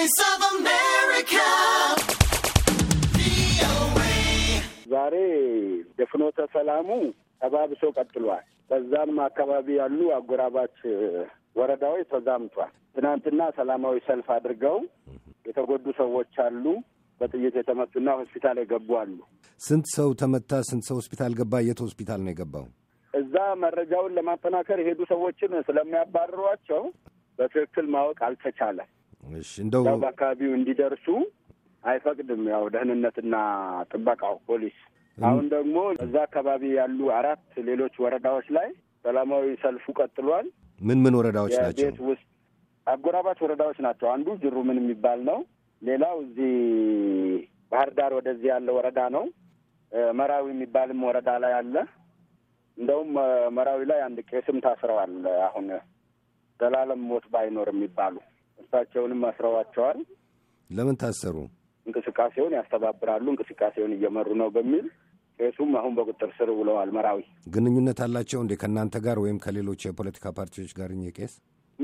Voice of America. ዛሬ የፍኖተ ሰላሙ ተባብሶ ቀጥሏል። በዛም አካባቢ ያሉ አጎራባች ወረዳዎች ተዛምቷል። ትናንትና ሰላማዊ ሰልፍ አድርገው የተጎዱ ሰዎች አሉ። በጥይት የተመቱና ሆስፒታል የገቡ አሉ። ስንት ሰው ተመታ? ስንት ሰው ሆስፒታል ገባ? የት ሆስፒታል ነው የገባው? እዛ መረጃውን ለማጠናከር የሄዱ ሰዎችን ስለሚያባርሯቸው በትክክል ማወቅ አልተቻለም። እንደው በአካባቢው እንዲደርሱ አይፈቅድም። ያው ደህንነትና ጥበቃው ፖሊስ። አሁን ደግሞ እዛ አካባቢ ያሉ አራት ሌሎች ወረዳዎች ላይ ሰላማዊ ሰልፉ ቀጥሏል። ምን ምን ወረዳዎች ናቸው? ቤት ውስጥ አጎራባች ወረዳዎች ናቸው። አንዱ ጅሩ ምን የሚባል ነው። ሌላው እዚህ ባህር ዳር ወደዚህ ያለ ወረዳ ነው። መራዊ የሚባልም ወረዳ ላይ አለ። እንደውም መራዊ ላይ አንድ ቄስም ታስረዋል። አሁን ዘላለም ሞት ባይኖር የሚባሉ ሶስታቸውንም አስረዋቸዋል። ለምን ታሰሩ? እንቅስቃሴውን ያስተባብራሉ፣ እንቅስቃሴውን እየመሩ ነው በሚል ቄሱም አሁን በቁጥር ስር ውለዋል። መራዊ ግንኙነት አላቸው እንዴ ከእናንተ ጋር ወይም ከሌሎች የፖለቲካ ፓርቲዎች ጋር? እኚህ ቄስ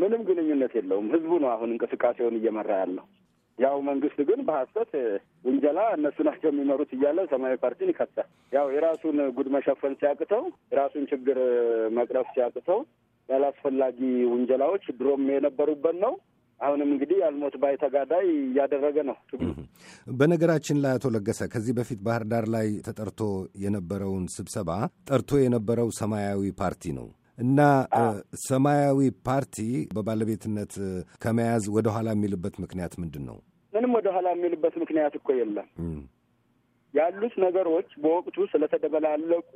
ምንም ግንኙነት የለውም። ህዝቡ ነው አሁን እንቅስቃሴውን እየመራ ያለው። ያው መንግስት ግን በሀሰት ውንጀላ እነሱ ናቸው የሚመሩት እያለ ሰማያዊ ፓርቲን ይከሳል። ያው የራሱን ጉድ መሸፈን ሲያቅተው፣ የራሱን ችግር መቅረፍ ሲያቅተው ያላስፈላጊ ውንጀላዎች ድሮም የነበሩበት ነው። አሁንም እንግዲህ አልሞት ባይ ተጋዳይ እያደረገ ነው በነገራችን ላይ አቶ ለገሰ ከዚህ በፊት ባህር ዳር ላይ ተጠርቶ የነበረውን ስብሰባ ጠርቶ የነበረው ሰማያዊ ፓርቲ ነው እና ሰማያዊ ፓርቲ በባለቤትነት ከመያዝ ወደኋላ የሚልበት ምክንያት ምንድን ነው? ምንም ወደኋላ የሚልበት ምክንያት እኮ የለም። ያሉት ነገሮች በወቅቱ ስለተደበላለቁ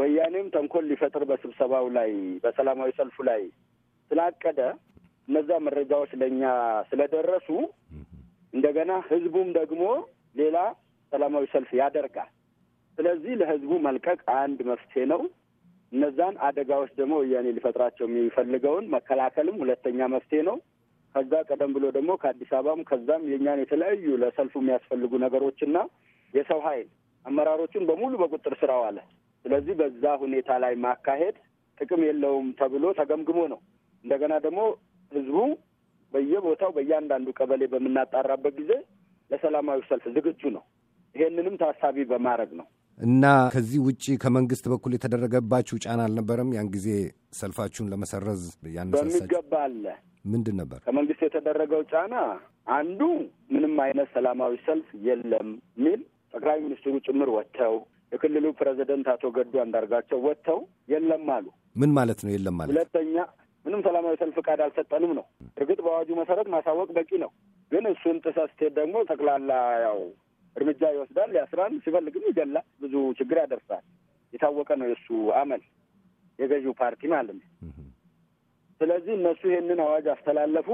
ወያኔም ተንኮል ሊፈጥር በስብሰባው ላይ በሰላማዊ ሰልፉ ላይ ስላቀደ እነዛ መረጃዎች ለእኛ ስለደረሱ እንደገና ህዝቡም ደግሞ ሌላ ሰላማዊ ሰልፍ ያደርጋል። ስለዚህ ለህዝቡ መልቀቅ አንድ መፍትሄ ነው። እነዛን አደጋዎች ደግሞ ወያኔ ሊፈጥራቸው የሚፈልገውን መከላከልም ሁለተኛ መፍትሄ ነው። ከዛ ቀደም ብሎ ደግሞ ከአዲስ አበባም ከዛም የእኛን የተለያዩ ለሰልፉ የሚያስፈልጉ ነገሮችና የሰው ኃይል አመራሮቹን በሙሉ በቁጥር ስራው አለ። ስለዚህ በዛ ሁኔታ ላይ ማካሄድ ጥቅም የለውም ተብሎ ተገምግሞ ነው እንደገና ደግሞ ህዝቡ በየቦታው በእያንዳንዱ ቀበሌ በምናጣራበት ጊዜ ለሰላማዊ ሰልፍ ዝግጁ ነው። ይሄንንም ታሳቢ በማድረግ ነው እና ከዚህ ውጭ ከመንግስት በኩል የተደረገባችሁ ጫና አልነበረም? ያን ጊዜ ሰልፋችሁን ለመሰረዝ ያነሳሳችሁ በሚገባ አለ። ምንድን ነበር ከመንግስት የተደረገው ጫና? አንዱ ምንም አይነት ሰላማዊ ሰልፍ የለም የሚል ጠቅላይ ሚኒስትሩ ጭምር ወጥተው የክልሉ ፕሬዚደንት አቶ ገዱ አንዳርጋቸው ወጥተው የለም አሉ። ምን ማለት ነው የለም ማለት? ሁለተኛ ምንም ሰላማዊ ሰልፍ ፍቃድ አልሰጠንም ነው። እርግጥ በአዋጁ መሰረት ማሳወቅ በቂ ነው። ግን እሱን ጥሰህ ስትሄድ ደግሞ ጠቅላላ ያው እርምጃ ይወስዳል፣ ያስራል፣ ሲፈልግም ይገላ፣ ብዙ ችግር ያደርሳል። የታወቀ ነው የእሱ አመል፣ የገዢው ፓርቲ ማለት ነው። ስለዚህ እነሱ ይሄንን አዋጅ አስተላለፉ።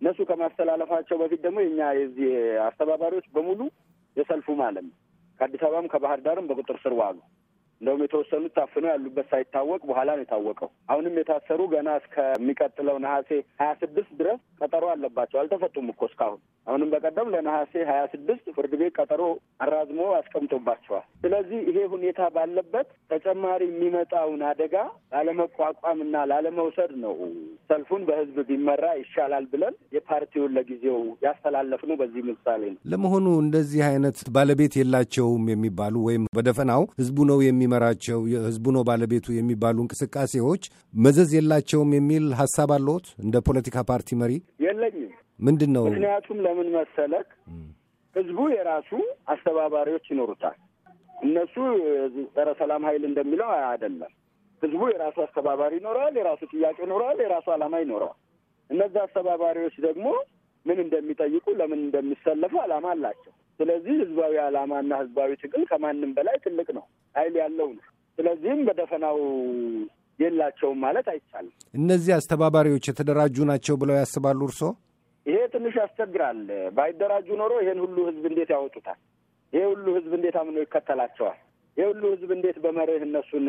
እነሱ ከማስተላለፋቸው በፊት ደግሞ የኛ የዚህ አስተባባሪዎች በሙሉ የሰልፉ ማለት ነው ከአዲስ አበባም ከባህር ዳርም በቁጥር ስር ዋሉ። እንደውም የተወሰኑት ታፍነው ያሉበት ሳይታወቅ በኋላ ነው የታወቀው። አሁንም የታሰሩ ገና እስከሚቀጥለው ነሐሴ ሀያ ስድስት ድረስ ቀጠሮ አለባቸው። አልተፈቱም እኮ እስካሁን አሁንም በቀደም ለነሐሴ ሀያ ስድስት ፍርድ ቤት ቀጠሮ አራዝሞ አስቀምጦባቸዋል። ስለዚህ ይሄ ሁኔታ ባለበት ተጨማሪ የሚመጣውን አደጋ ላለመቋቋምና ላለመውሰድ ነው ሰልፉን በህዝብ ቢመራ ይሻላል ብለን የፓርቲውን ለጊዜው ያስተላለፍነው በዚህ ምሳሌ ነው። ለመሆኑ እንደዚህ አይነት ባለቤት የላቸውም የሚባሉ ወይም በደፈናው ህዝቡ ነው የሚመራቸው፣ ህዝቡ ነው ባለቤቱ የሚባሉ እንቅስቃሴዎች መዘዝ የላቸውም የሚል ሀሳብ አለዎት እንደ ፖለቲካ ፓርቲ መሪ? የለኝ ምንድን ነው ምክንያቱም? ለምን መሰለክ ህዝቡ የራሱ አስተባባሪዎች ይኖሩታል። እነሱ ጸረ ሰላም ኃይል እንደሚለው አይደለም። ህዝቡ የራሱ አስተባባሪ ይኖረዋል፣ የራሱ ጥያቄ ይኖረዋል፣ የራሱ ዓላማ ይኖረዋል። እነዚህ አስተባባሪዎች ደግሞ ምን እንደሚጠይቁ ለምን እንደሚሰለፉ ዓላማ አላቸው። ስለዚህ ህዝባዊ ዓላማና ህዝባዊ ትግል ከማንም በላይ ትልቅ ነው፣ ኃይል ያለው ነው። ስለዚህም በደፈናው የላቸውም ማለት አይቻልም። እነዚህ አስተባባሪዎች የተደራጁ ናቸው ብለው ያስባሉ እርስዎ? ይሄ ትንሽ ያስቸግራል። ባይደራጁ ኖሮ ይሄን ሁሉ ህዝብ እንዴት ያወጡታል? ይሄ ሁሉ ህዝብ እንዴት አምኖ ይከተላቸዋል? ይሄ ሁሉ ህዝብ እንዴት በመርህ እነሱን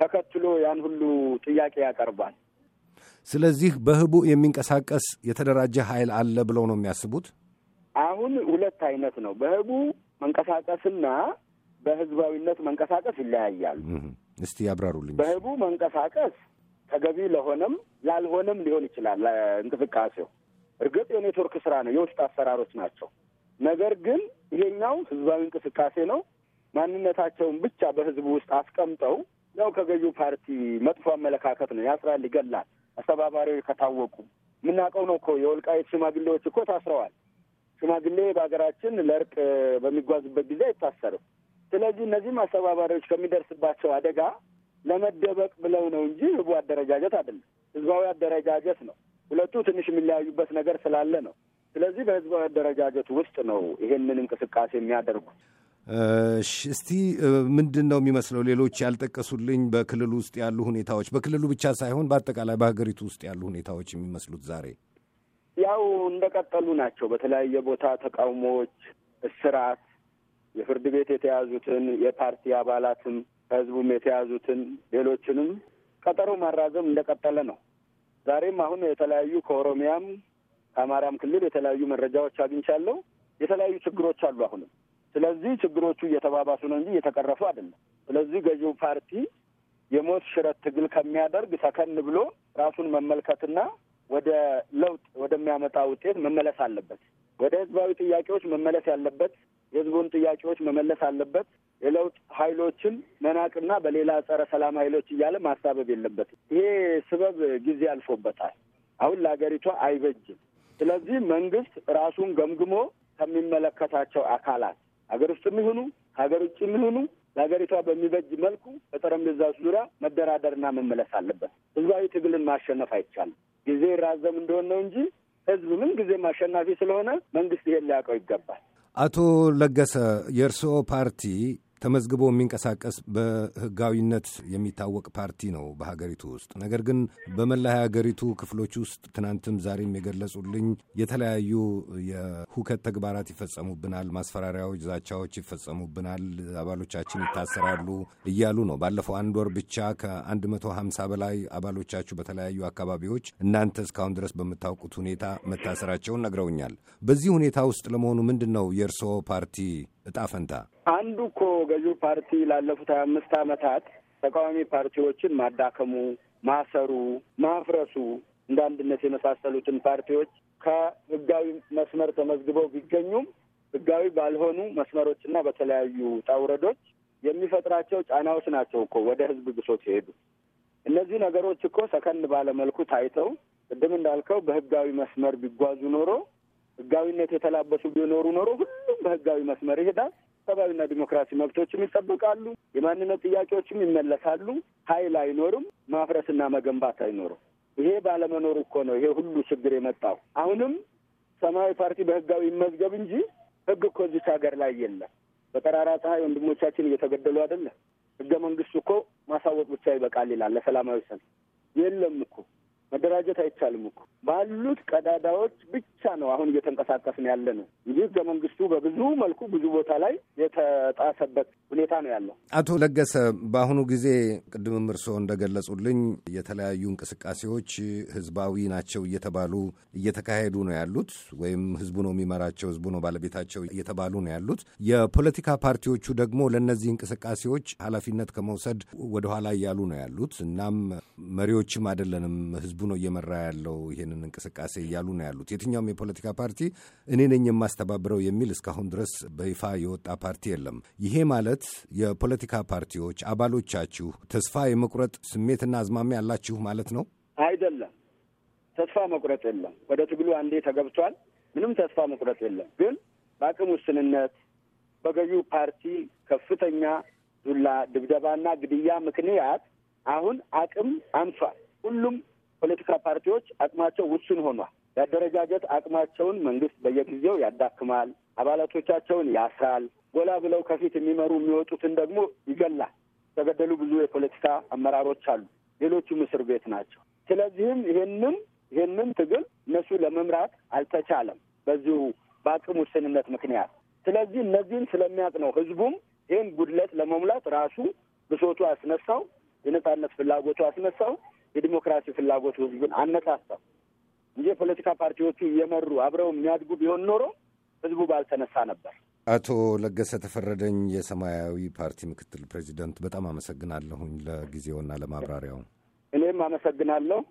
ተከትሎ ያን ሁሉ ጥያቄ ያቀርባል? ስለዚህ በህቡዕ የሚንቀሳቀስ የተደራጀ ኃይል አለ ብለው ነው የሚያስቡት። አሁን ሁለት አይነት ነው። በህቡዕ መንቀሳቀስና በህዝባዊነት መንቀሳቀስ ይለያያሉ። እስቲ ያብራሩልኝ። በህቡዕ መንቀሳቀስ ተገቢ ለሆነም ላልሆነም ሊሆን ይችላል እንቅስቃሴው እርግጥ የኔትወርክ ስራ ነው፣ የውስጥ አሰራሮች ናቸው። ነገር ግን ይሄኛው ህዝባዊ እንቅስቃሴ ነው። ማንነታቸውን ብቻ በህዝቡ ውስጥ አስቀምጠው ያው ከገዢው ፓርቲ መጥፎ አመለካከት ነው፣ ያስራል፣ ይገላል። አስተባባሪዎች ከታወቁ የምናውቀው ነው እኮ የወልቃይት ሽማግሌዎች እኮ ታስረዋል። ሽማግሌ በሀገራችን ለእርቅ በሚጓዙበት ጊዜ አይታሰርም። ስለዚህ እነዚህም አስተባባሪዎች ከሚደርስባቸው አደጋ ለመደበቅ ብለው ነው እንጂ ህቡ አደረጃጀት አይደለም፣ ህዝባዊ አደረጃጀት ነው። ሁለቱ ትንሽ የሚለያዩበት ነገር ስላለ ነው። ስለዚህ በህዝብ አደረጃጀት ውስጥ ነው ይሄንን እንቅስቃሴ የሚያደርጉ። እስቲ ምንድን ነው የሚመስለው ሌሎች ያልጠቀሱልኝ በክልሉ ውስጥ ያሉ ሁኔታዎች፣ በክልሉ ብቻ ሳይሆን በአጠቃላይ በሀገሪቱ ውስጥ ያሉ ሁኔታዎች የሚመስሉት ዛሬ ያው እንደቀጠሉ ናቸው። በተለያየ ቦታ ተቃውሞዎች፣ እስራት፣ የፍርድ ቤት የተያዙትን የፓርቲ አባላትም ከህዝቡም የተያዙትን ሌሎችንም ቀጠሮ ማራዘም እንደቀጠለ ነው። ዛሬም አሁን የተለያዩ ከኦሮሚያም ከአማራም ክልል የተለያዩ መረጃዎች አግኝቻለሁ። የተለያዩ ችግሮች አሉ አሁንም። ስለዚህ ችግሮቹ እየተባባሱ ነው እንጂ እየተቀረፉ አይደለም። ስለዚህ ገዢው ፓርቲ የሞት ሽረት ትግል ከሚያደርግ ሰከን ብሎ ራሱን መመልከትና ወደ ለውጥ ወደሚያመጣ ውጤት መመለስ አለበት። ወደ ህዝባዊ ጥያቄዎች መመለስ ያለበት የህዝቡን ጥያቄዎች መመለስ አለበት። የለውጥ ኃይሎችን መናቅና በሌላ ጸረ ሰላም ኃይሎች እያለ ማሳበብ የለበትም። ይሄ ስበብ ጊዜ አልፎበታል። አሁን ለሀገሪቷ አይበጅም። ስለዚህ መንግስት ራሱን ገምግሞ ከሚመለከታቸው አካላት ሀገር ውስጥ የሚሆኑ ከሀገር ውጭ የሚሆኑ ለሀገሪቷ በሚበጅ መልኩ በጠረጴዛ ዙሪያ መደራደርና መመለስ አለበት። ህዝባዊ ትግልን ማሸነፍ አይቻልም። ጊዜ ራዘም እንደሆን ነው እንጂ ህዝብ ምን ጊዜም አሸናፊ ስለሆነ መንግስት ይሄን ሊያውቀው ይገባል። Atoo Laggasa Yerso Paartii. ተመዝግቦ የሚንቀሳቀስ በህጋዊነት የሚታወቅ ፓርቲ ነው በሀገሪቱ ውስጥ። ነገር ግን በመላ ሀገሪቱ ክፍሎች ውስጥ ትናንትም ዛሬም የገለጹልኝ የተለያዩ የሁከት ተግባራት ይፈጸሙብናል፣ ማስፈራሪያዎች፣ ዛቻዎች ይፈጸሙብናል፣ አባሎቻችን ይታሰራሉ እያሉ ነው። ባለፈው አንድ ወር ብቻ ከ150 በላይ አባሎቻችሁ በተለያዩ አካባቢዎች እናንተ እስካሁን ድረስ በምታውቁት ሁኔታ መታሰራቸውን ነግረውኛል። በዚህ ሁኔታ ውስጥ ለመሆኑ ምንድን ነው የእርስዎ ፓርቲ እጣ ፈንታ? አንዱ እኮ ገዢው ፓርቲ ላለፉት ሀያ አምስት አመታት ተቃዋሚ ፓርቲዎችን ማዳከሙ፣ ማሰሩ፣ ማፍረሱ እንደ አንድነት የመሳሰሉትን ፓርቲዎች ከህጋዊ መስመር ተመዝግበው ቢገኙም ህጋዊ ባልሆኑ መስመሮችና በተለያዩ ጣውረዶች የሚፈጥራቸው ጫናዎች ናቸው እኮ ወደ ህዝብ ብሶት ሲሄዱ። እነዚህ ነገሮች እኮ ሰከን ባለመልኩ ታይተው ቅድም እንዳልከው በህጋዊ መስመር ቢጓዙ ኖሮ ህጋዊነት የተላበሱ ቢኖሩ ኖሮ ሁሉም በህጋዊ መስመር ይሄዳል። ሰብአዊና ዲሞክራሲ መብቶችም ይጠበቃሉ። የማንነት ጥያቄዎችም ይመለሳሉ። ኃይል አይኖርም። ማፍረስና መገንባት አይኖርም። ይሄ ባለመኖሩ እኮ ነው ይሄ ሁሉ ችግር የመጣው። አሁንም ሰማያዊ ፓርቲ በህጋዊ ይመዝገብ እንጂ ህግ እኮ እዚች ሀገር ላይ የለም። በጠራራ ፀሐይ ወንድሞቻችን እየተገደሉ አይደለም። ህገ መንግስቱ እኮ ማሳወቅ ብቻ ይበቃል ይላል ለሰላማዊ ሰልፍ። የለም እኮ መደራጀት አይቻልም እኮ ባሉት ቀዳዳዎች ብቻ ነው አሁን እየተንቀሳቀስን ያለ ነው እንጂ ህገ መንግስቱ በብዙ መልኩ ብዙ ቦታ ላይ የተጣሰበት ሁኔታ ነው ያለው። አቶ ለገሰ በአሁኑ ጊዜ ቅድምም እርስዎ እንደገለጹልኝ የተለያዩ እንቅስቃሴዎች ህዝባዊ ናቸው እየተባሉ እየተካሄዱ ነው ያሉት፣ ወይም ህዝቡ ነው የሚመራቸው፣ ህዝቡ ነው ባለቤታቸው እየተባሉ ነው ያሉት። የፖለቲካ ፓርቲዎቹ ደግሞ ለእነዚህ እንቅስቃሴዎች ኃላፊነት ከመውሰድ ወደኋላ እያሉ ነው ያሉት። እናም መሪዎችም አይደለንም ህዝቡ ህዝቡ ነው እየመራ ያለው ይሄንን እንቅስቃሴ እያሉ ነው ያሉት። የትኛውም የፖለቲካ ፓርቲ እኔ ነኝ የማስተባብረው የሚል እስካሁን ድረስ በይፋ የወጣ ፓርቲ የለም። ይሄ ማለት የፖለቲካ ፓርቲዎች አባሎቻችሁ ተስፋ የመቁረጥ ስሜትና አዝማሚያ አላችሁ ማለት ነው? አይደለም። ተስፋ መቁረጥ የለም። ወደ ትግሉ አንዴ ተገብቷል። ምንም ተስፋ መቁረጥ የለም። ግን በአቅም ውስንነት በገዢው ፓርቲ ከፍተኛ ዱላ ድብደባና ግድያ ምክንያት አሁን አቅም አንሷል። ሁሉም ፖለቲካ ፓርቲዎች አቅማቸው ውሱን ሆኗል። የአደረጃጀት አቅማቸውን መንግስት በየጊዜው ያዳክማል፣ አባላቶቻቸውን ያስራል፣ ጎላ ብለው ከፊት የሚመሩ የሚወጡትን ደግሞ ይገላል። የተገደሉ ብዙ የፖለቲካ አመራሮች አሉ። ሌሎቹም እስር ቤት ናቸው። ስለዚህም ይሄንን ይሄንን ትግል እነሱ ለመምራት አልተቻለም በዚሁ በአቅም ውስንነት ምክንያት። ስለዚህ እነዚህን ስለሚያውቅ ነው ህዝቡም ይህን ጉድለት ለመሙላት ራሱ ብሶቱ አስነሳው፣ የነጻነት ፍላጎቱ አስነሳው የዲሞክራሲ ፍላጎት ህዝቡን አነሳሳው እንጂ የፖለቲካ ፓርቲዎቹ እየመሩ አብረው የሚያድጉ ቢሆን ኖሮ ህዝቡ ባልተነሳ ነበር። አቶ ለገሰ ተፈረደኝ የሰማያዊ ፓርቲ ምክትል ፕሬዚደንት፣ በጣም አመሰግናለሁኝ ለጊዜውና ለማብራሪያው። እኔም አመሰግናለሁ።